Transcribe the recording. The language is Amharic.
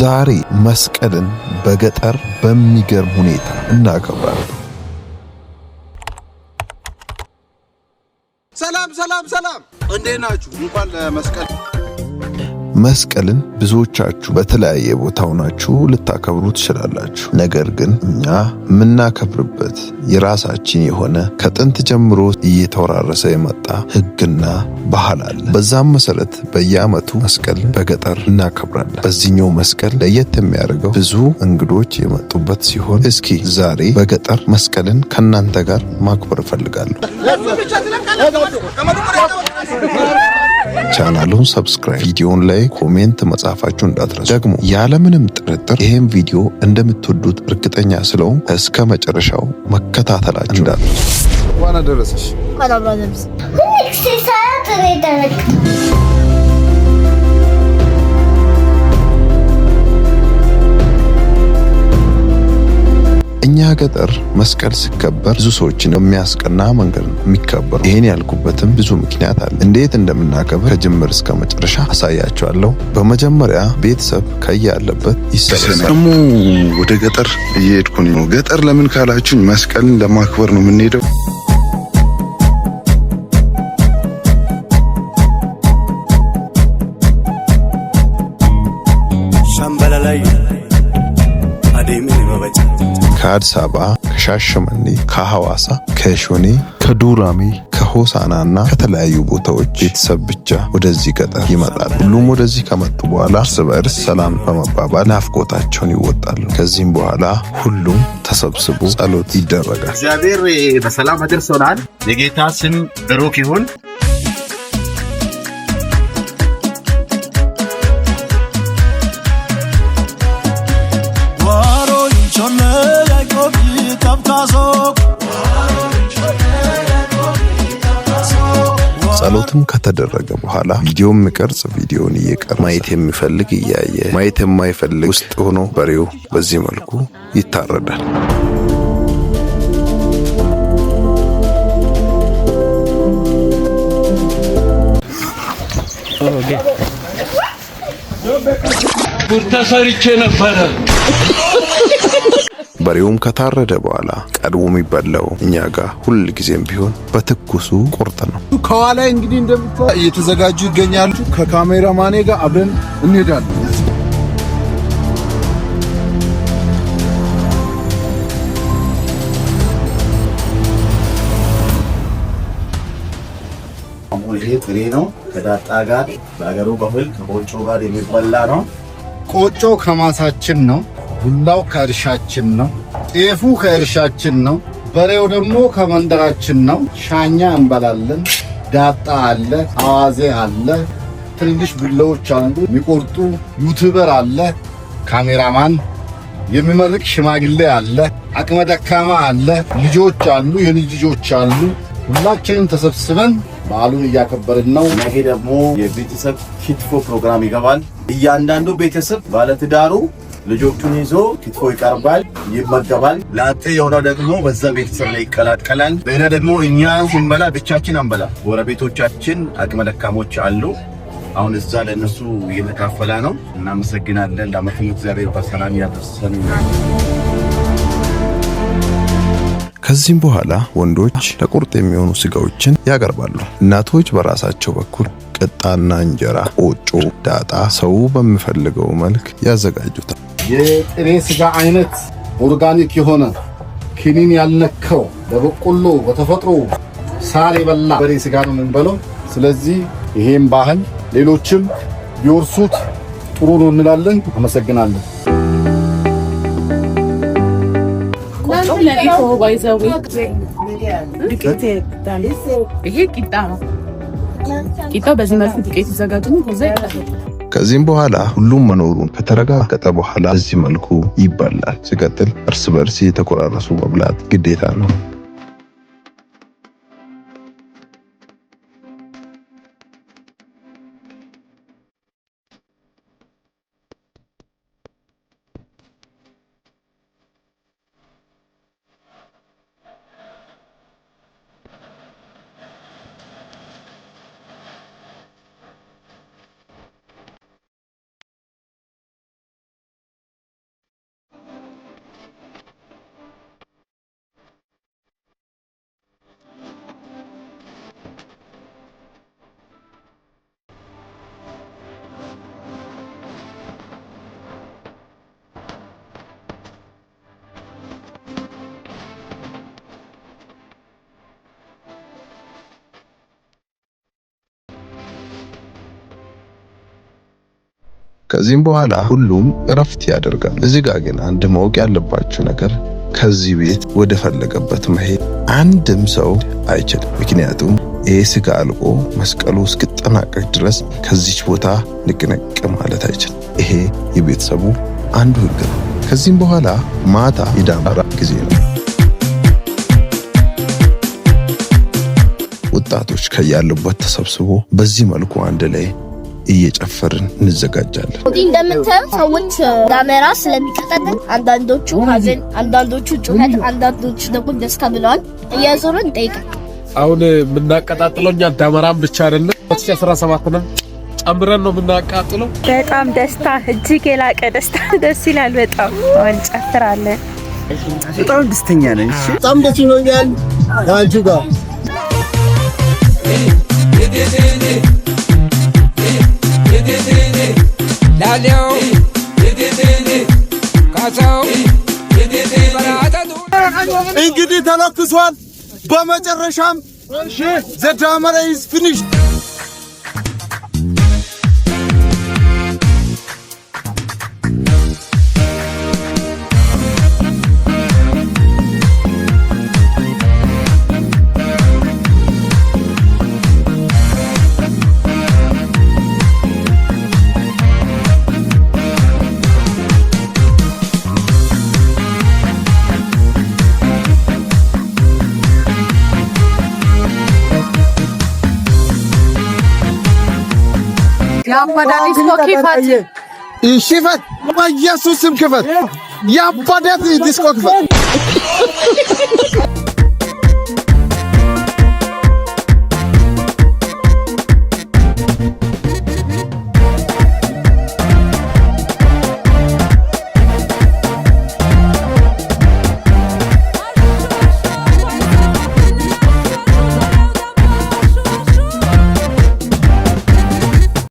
ዛሬ መስቀልን በገጠር በሚገርም ሁኔታ እናከብራለን። ሰላም ሰላም ሰላም፣ እንዴት ናችሁ? እንኳን ለመስቀል መስቀልን ብዙዎቻችሁ በተለያየ ቦታ ሆናችሁ ልታከብሩ ትችላላችሁ። ነገር ግን እኛ የምናከብርበት የራሳችን የሆነ ከጥንት ጀምሮ እየተወራረሰ የመጣ ሕግና ባህል አለ። በዛም መሰረት በየዓመቱ መስቀል በገጠር እናከብራለን። በዚህኛው መስቀል ለየት የሚያደርገው ብዙ እንግዶች የመጡበት ሲሆን እስኪ ዛሬ በገጠር መስቀልን ከእናንተ ጋር ማክበር እፈልጋለሁ። ቻናሉን ሰብስክራይብ፣ ቪዲዮውን ላይ ኮሜንት መጻፋችሁ እንዳትረሱ። ደግሞ ያለምንም ጥርጥር ይህም ቪዲዮ እንደምትወዱት እርግጠኛ ስለሆን እስከ መጨረሻው መከታተላችሁ እንዳትረሱ። እንኳን አደረሰሽ። በገጠር መስቀል ሲከበር ብዙ ሰዎችን የሚያስቀና መንገድ ነው የሚከበረው። ይህን ያልኩበትም ብዙ ምክንያት አለ። እንዴት እንደምናከብር ከጅምር እስከ መጨረሻ አሳያቸዋለሁ። በመጀመሪያ ቤተሰብ ከያለበት ይሰበሰባል። ደግሞ ወደ ገጠር እየሄድኩኝ ነው። ገጠር ለምን ካላችሁኝ መስቀልን ለማክበር ነው የምንሄደው። ከአዲስ አበባ፣ ከሻሸመኔ፣ ከሐዋሳ፣ ከሾኔ፣ ከዱራሜ፣ ከሆሳና እና ከተለያዩ ቦታዎች ቤተሰብ ብቻ ወደዚህ ገጠር ይመጣል። ሁሉም ወደዚህ ከመጡ በኋላ እርስ በእርስ ሰላም በመባባል ናፍቆታቸውን ይወጣሉ። ከዚህም በኋላ ሁሉም ተሰብስቦ ጸሎት ይደረጋል። እግዚአብሔር በሰላም አድርሶናል። የጌታ ስም ብሩክ ይሁን። ዲሊትም ከተደረገ በኋላ ቪዲዮም ቅርጽ ቪዲዮን እየቀረ ማየት የሚፈልግ እያየ ማየት የማይፈልግ ውስጥ ሆኖ በሬው በዚህ መልኩ ይታረዳል። ተሰርቼ ነበረ። በሬውም ከታረደ በኋላ ቀድሞ የሚበላው እኛ ጋር ሁልጊዜም ቢሆን በትኩሱ ቁርጥ ነው። ከኋላ እንግዲህ እንደምታ እየተዘጋጁ ይገኛሉ። ከካሜራ ማኔ ጋር አብረን እንሄዳለን። ይሄ ጥሬ ነው፣ ከዳጣ ጋር በሀገሩ ባህል ከቆጮ ጋር የሚበላ ነው። ቆጮ ከማሳችን ነው። ቡላው ከእርሻችን ነው። ጤፉ ከእርሻችን ነው። በሬው ደግሞ ከመንደራችን ነው። ሻኛ እንበላለን። ዳጣ አለ፣ አዋዜ አለ፣ ትንንሽ ቢላዎች አሉ፣ የሚቆርጡ ዩቱበር አለ፣ ካሜራማን የሚመርቅ ሽማግሌ አለ፣ አቅመ ደካማ አለ፣ ልጆች አሉ፣ የልጅ ልጆች አሉ። ሁላችንም ተሰብስበን በዓሉን እያከበርን ነው። ይሄ ደግሞ የቤተሰብ ክትፎ ፕሮግራም ይገባል። እያንዳንዱ ቤተሰብ ባለትዳሩ ልጆቹን ይዞ ክትፎ ይቀርባል፣ ይመገባል። ለአንተ የሆነ ደግሞ በዛ ቤተሰብ ላይ ይቀላቀላል። ሌላ ደግሞ እኛ ስንበላ ብቻችን አንበላ፣ ጎረቤቶቻችን አቅመ ደካሞች አሉ። አሁን እዛ ለእነሱ እየተካፈለ ነው። እናመሰግናለን። ለአመቱ እግዚአብሔር በሰላም ያደርሰን። ከዚህም በኋላ ወንዶች ለቁርጥ የሚሆኑ ስጋዎችን ያቀርባሉ። እናቶች በራሳቸው በኩል ቅጣና እንጀራ፣ ቆጮ፣ ዳጣ ሰው በሚፈልገው መልክ ያዘጋጁታል። የጥሬ ስጋ አይነት ኦርጋኒክ የሆነ ኪኒን ያልነከው በበቆሎ በተፈጥሮ ሳር የበላ በሬ ስጋ ነው የምንበለው። ስለዚህ ይሄም ባህል ሌሎችም ቢወርሱት ጥሩ ነው እንላለን። አመሰግናለን። ይሄ ቂጣ ነው። ቂጣው በዚህ መልኩ ዱቄት ይዘጋጅ ነው። ከዚህም በኋላ ሁሉም መኖሩን ከተረጋገጠ በኋላ በዚህ መልኩ ይበላል። ሲቀጥል እርስ በርስ የተቆራረሱ መብላት ግዴታ ነው። ከዚህም በኋላ ሁሉም እረፍት ያደርጋል። እዚህ ጋር ግን አንድ ማወቅ ያለባችሁ ነገር ከዚህ ቤት ወደ ፈለገበት መሄድ አንድም ሰው አይችልም። ምክንያቱም ይህ ስጋ አልቆ መስቀሉ እስክጠናቀቅ ድረስ ከዚች ቦታ ንቅንቅ ማለት አይችልም። ይሄ የቤተሰቡ አንዱ ህግ ነው። ከዚህም በኋላ ማታ የዳመራ ጊዜ ነው። ወጣቶች ከያሉበት ተሰብስቦ በዚህ መልኩ አንድ ላይ እየጨፈርን እንዘጋጃለን። እንግዲህ እንደምታየው ሰዎች ካሜራ ስለሚቀጠቅጥ አንዳንዶቹ ሀዘን፣ አንዳንዶቹ ጩኸት፣ አንዳንዶቹ ደግሞ ደስታ ብለዋል። እያዞሩ እንጠይቃል። አሁን የምናቀጣጥለው እኛ ዳመራን ብቻ አይደለም 2017 ነው ጨምረን ነው የምናቃጥለው። በጣም ደስታ፣ እጅግ የላቀ ደስታ። ደስ ይላል በጣም እንጨፍራለን። በጣም ደስተኛ ነን። በጣም ደስ ይለኛል አንቺ ጋር እንግዲህ ተለክሷል። በመጨረሻም ዘዳመረ ኢዝ ይሽፈት በኢየሱስም ክፈት። የአባዳት ዲስኮ ክፈት።